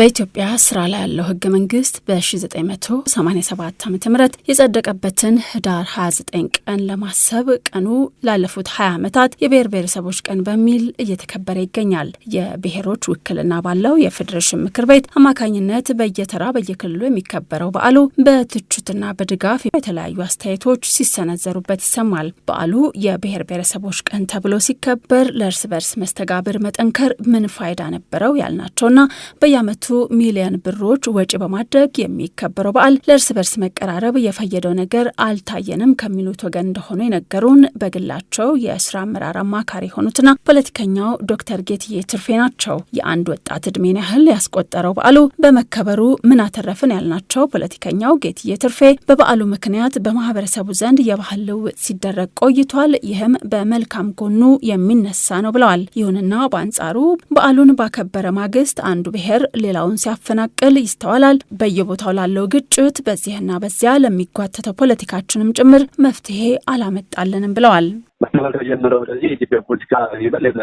በኢትዮጵያ ስራ ላይ ያለው ህገ መንግስት በ1987 ዓ ም የጸደቀበትን ህዳር 29 ቀን ለማሰብ ቀኑ ላለፉት 20 ዓመታት የብሔር ብሔረሰቦች ቀን በሚል እየተከበረ ይገኛል። የብሔሮች ውክልና ባለው የፌዴሬሽን ምክር ቤት አማካኝነት በየተራ በየክልሉ የሚከበረው በዓሉ በትችትና በድጋፍ የተለያዩ አስተያየቶች ሲሰነዘሩበት ይሰማል። በዓሉ የብሔር ብሔረሰቦች ቀን ተብሎ ሲከበር ለእርስ በርስ መስተጋብር መጠንከር ምን ፋይዳ ነበረው? ያልናቸውና በየዓመቱ ሁለቱ ሚሊዮን ብሮች ወጪ በማድረግ የሚከበረው በዓል ለእርስ በርስ መቀራረብ የፈየደው ነገር አልታየንም ከሚሉት ወገን እንደሆኑ የነገሩን በግላቸው የስራ አመራር አማካሪ የሆኑትና ፖለቲከኛው ዶክተር ጌትዬ ትርፌ ናቸው። የአንድ ወጣት እድሜን ያህል ያስቆጠረው በዓሉ በመከበሩ ምን አተረፍን ያልናቸው ፖለቲከኛው ጌትዬ ትርፌ በበዓሉ ምክንያት በማህበረሰቡ ዘንድ የባህል ልውውጥ ሲደረግ ቆይቷል። ይህም በመልካም ጎኑ የሚነሳ ነው ብለዋል። ይሁንና በአንጻሩ በዓሉን ባከበረ ማግስት አንዱ ብሔር ሌላውን ሲያፈናቅል ይስተዋላል። በየቦታው ላለው ግጭት በዚህና በዚያ ለሚጓተተው ፖለቲካችንም ጭምር መፍትሄ አላመጣልንም ብለዋል። መናበል ተጀምረ ወደዚህ የኢትዮጵያ ፖለቲካ የበለጠ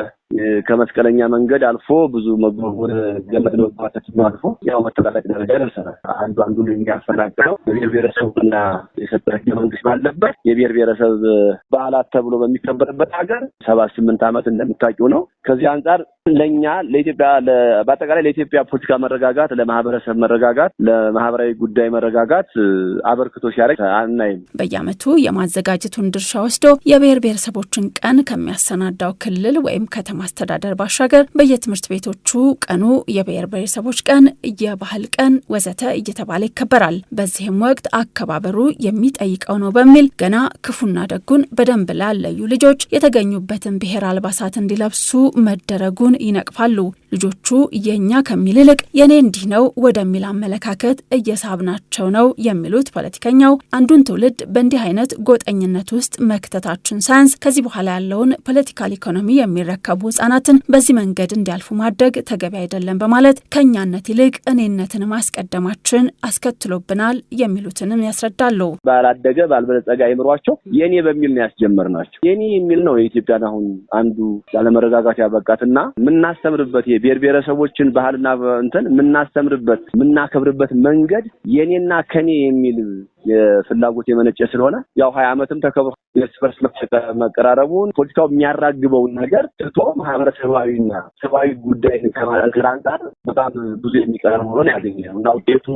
ከመስቀለኛ መንገድ አልፎ ብዙ መጎርጎር፣ ገመድ መጓተት አልፎ ያው መተላለቅ ደረጃ ደርሰናል። አንዱ አንዱ የሚያፈናቅለው የብሔር ብሔረሰብና የሰጠ ህገ መንግስት ባለበት የብሔር ብሔረሰብ በዓላት ተብሎ በሚከበርበት ሀገር ሰባ ስምንት ዓመት እንደምታውቂው ነው። ከዚህ አንጻር ለእኛ ለኢትዮጵያ በአጠቃላይ ለኢትዮጵያ ፖለቲካ መረጋጋት፣ ለማህበረሰብ መረጋጋት፣ ለማህበራዊ ጉዳይ መረጋጋት አበርክቶ ሲያደርግ አናይም። በየአመቱ የማዘጋጀቱን ድርሻ ወስዶ የብሔር ብሔረሰብ የቤተሰቦችን ቀን ከሚያሰናዳው ክልል ወይም ከተማ አስተዳደር ባሻገር በየትምህርት ቤቶቹ ቀኑ የብሔር ብሔረሰቦች ቀን፣ የባህል ቀን ወዘተ እየተባለ ይከበራል። በዚህም ወቅት አከባበሩ የሚጠይቀው ነው በሚል ገና ክፉና ደጉን በደንብ ላለዩ ልጆች የተገኙበትን ብሔር አልባሳት እንዲለብሱ መደረጉን ይነቅፋሉ። ልጆቹ የእኛ ከሚል ይልቅ የኔ እንዲህ ነው ወደሚል አመለካከት እየሳብናቸው ነው የሚሉት ፖለቲከኛው አንዱን ትውልድ በእንዲህ አይነት ጎጠኝነት ውስጥ መክተታችን ሳያንስ ከዚህ በኋላ ያለውን ፖለቲካል ኢኮኖሚ የሚረከቡ ህጻናትን በዚህ መንገድ እንዲያልፉ ማድረግ ተገቢ አይደለም በማለት ከእኛነት ይልቅ እኔነትን ማስቀደማችን አስከትሎብናል የሚሉትንም ያስረዳሉ። ባላደገ ባልበለጸገ አይምሯቸው የኔ በሚል ነው ናቸው። የኔ የሚል ነው የኢትዮጵያን አሁን አንዱ ላለመረጋጋት ያበቃትና የምናስተምርበት የብሔር ብሔረሰቦችን ባህልና እንትን የምናስተምርበት የምናከብርበት መንገድ የኔና ከኔ የሚል የፍላጎት የመነጨ ስለሆነ ያው ሀያ ዓመትም ተከብሮ እርስ በርስ መቀራረቡን ፖለቲካው የሚያራግበውን ነገር ትቶ ማህበረሰባዊና ሰብአዊ ጉዳይን ከማጠንከር አንጻር በጣም ብዙ የሚቀረር ሆኖ ያገኛል እና ውጤቱ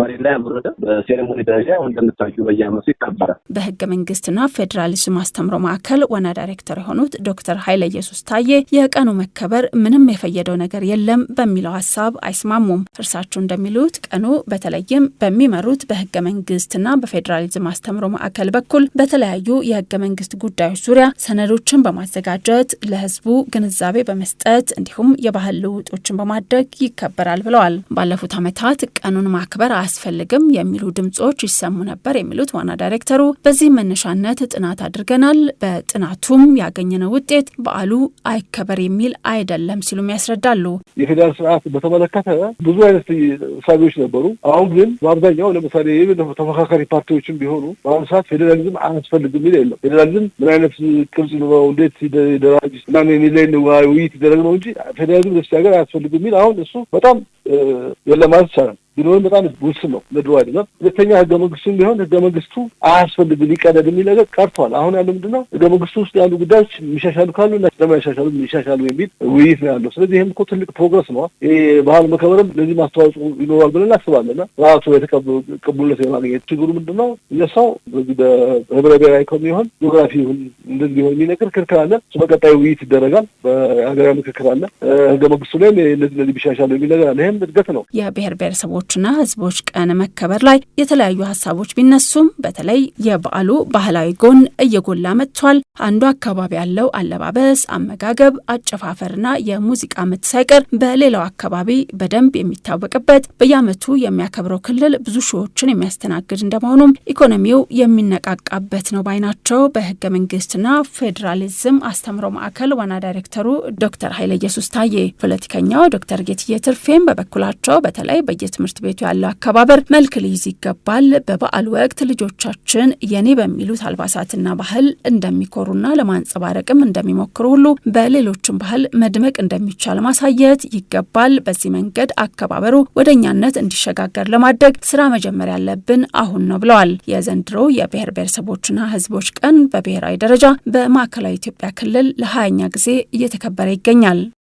መሬት ላይ አልወረደ። በሴሬሞኒ ደረጃ እንደምታዩ በየዓመቱ ይከበራል። በህገ መንግስትና ፌዴራሊዝም አስተምሮ ማዕከል ዋና ዳይሬክተር የሆኑት ዶክተር ኃይለ ኢየሱስ ታዬ የቀኑ መከበር ምንም የፈየደው ነገር የለም በሚለው ሀሳብ አይስማሙም። እርሳቸው እንደሚሉት ቀኑ በተለይም በሚመሩት በህገ መንግስት መንግስትና በፌዴራሊዝም አስተምሮ ማዕከል በኩል በተለያዩ የህገ መንግስት ጉዳዮች ዙሪያ ሰነዶችን በማዘጋጀት ለህዝቡ ግንዛቤ በመስጠት እንዲሁም የባህል ልውጦችን በማድረግ ይከበራል ብለዋል። ባለፉት ዓመታት ቀኑን ማክበር አያስፈልግም የሚሉ ድምጾች ይሰሙ ነበር የሚሉት ዋና ዳይሬክተሩ፣ በዚህ መነሻነት ጥናት አድርገናል። በጥናቱም ያገኘነው ውጤት በዓሉ አይከበር የሚል አይደለም ሲሉም ያስረዳሉ። የፌዴራል ስርዓት በተመለከተ ብዙ አይነት ሳቢዎች ነበሩ። አሁን ግን በአብዛኛው ለምሳሌ ተፈ ተፎካካሪ ፓርቲዎችም ቢሆኑ በአሁኑ ሰዓት ፌዴራሊዝም አያስፈልግም የሚል የለም። ፌዴራሊዝም ምን አይነት ቅርጽ ይኖረው፣ እንዴት ደራጅ እና ላይ ውይይት ይደረግ ነው እንጂ ፌዴራሊዝም ደስ ሀገር አያስፈልግም የሚል አሁን እሱ በጣም የለም ማለት ይቻላል። ቢኖርም በጣም ውስን ነው፣ ምድሩ አይደለም። ሁለተኛ ህገ መንግስቱም ቢሆን ህገ መንግስቱ አያስፈልግ ሊቀደድ የሚል ነገር ቀርቷል። አሁን ያለው ምንድነው ህገ መንግስቱ ውስጥ ያሉ ጉዳዮች የሚሻሻሉ ካሉ እና ለማይሻሻሉ የሚሻሻሉ የሚል ውይይት ነው ያለው። ስለዚህ ይህም እኮ ትልቅ ፕሮግረስ ነው። ባህል መከበርም ለዚህ አስተዋጽኦ ይኖረዋል ብለን እናስባለን። ራሱ የተቀቡልነት የማግኘት ችግሩ ምንድነው እነሳው በዚህ በህብረ ብሔራዊ ኢኮኖሚ ይሆን ጂኦግራፊ ይሁን እንደዚህ ሆን የሚነገር ክርክር አለ። እሱ በቀጣይ ውይይት ይደረጋል። በሀገራዊ ምክክር አለ። ህገ መንግስቱ ላይም እነዚህ እነዚህ ቢሻሻሉ የሚል ነገር አለ። ይህም እድገት ነው። የብሔር ብሔረሰቦ ብሔሮችና ህዝቦች ቀን መከበር ላይ የተለያዩ ሀሳቦች ቢነሱም በተለይ የበዓሉ ባህላዊ ጎን እየጎላ መጥቷል። አንዱ አካባቢ ያለው አለባበስ፣ አመጋገብ፣ አጨፋፈርና የሙዚቃ ምት ሳይቀር በሌላው አካባቢ በደንብ የሚታወቅበት በየዓመቱ የሚያከብረው ክልል ብዙ ሺዎችን የሚያስተናግድ እንደመሆኑም ኢኮኖሚው የሚነቃቃበት ነው ባይ ናቸው። በህገ መንግስትና ፌዴራሊዝም አስተምሮ ማዕከል ዋና ዳይሬክተሩ ዶክተር ኃይለ ኢየሱስ ታዬ ፖለቲከኛው ዶክተር ጌትዬ ትርፌም በበኩላቸው በተለይ በየትምህርት ትምህርት ቤቱ ያለው አከባበር መልክ ሊይዝ ይገባል። በበዓል ወቅት ልጆቻችን የኔ በሚሉት አልባሳትና ባህል እንደሚኮሩና ለማንጸባረቅም እንደሚሞክሩ ሁሉ በሌሎችም ባህል መድመቅ እንደሚቻል ማሳየት ይገባል። በዚህ መንገድ አከባበሩ ወደኛነት እንዲሸጋገር ለማድረግ ስራ መጀመር ያለብን አሁን ነው ብለዋል። የዘንድሮ የብሔር ብሔረሰቦችና ህዝቦች ቀን በብሔራዊ ደረጃ በማዕከላዊ ኢትዮጵያ ክልል ለሀያኛ ጊዜ እየተከበረ ይገኛል።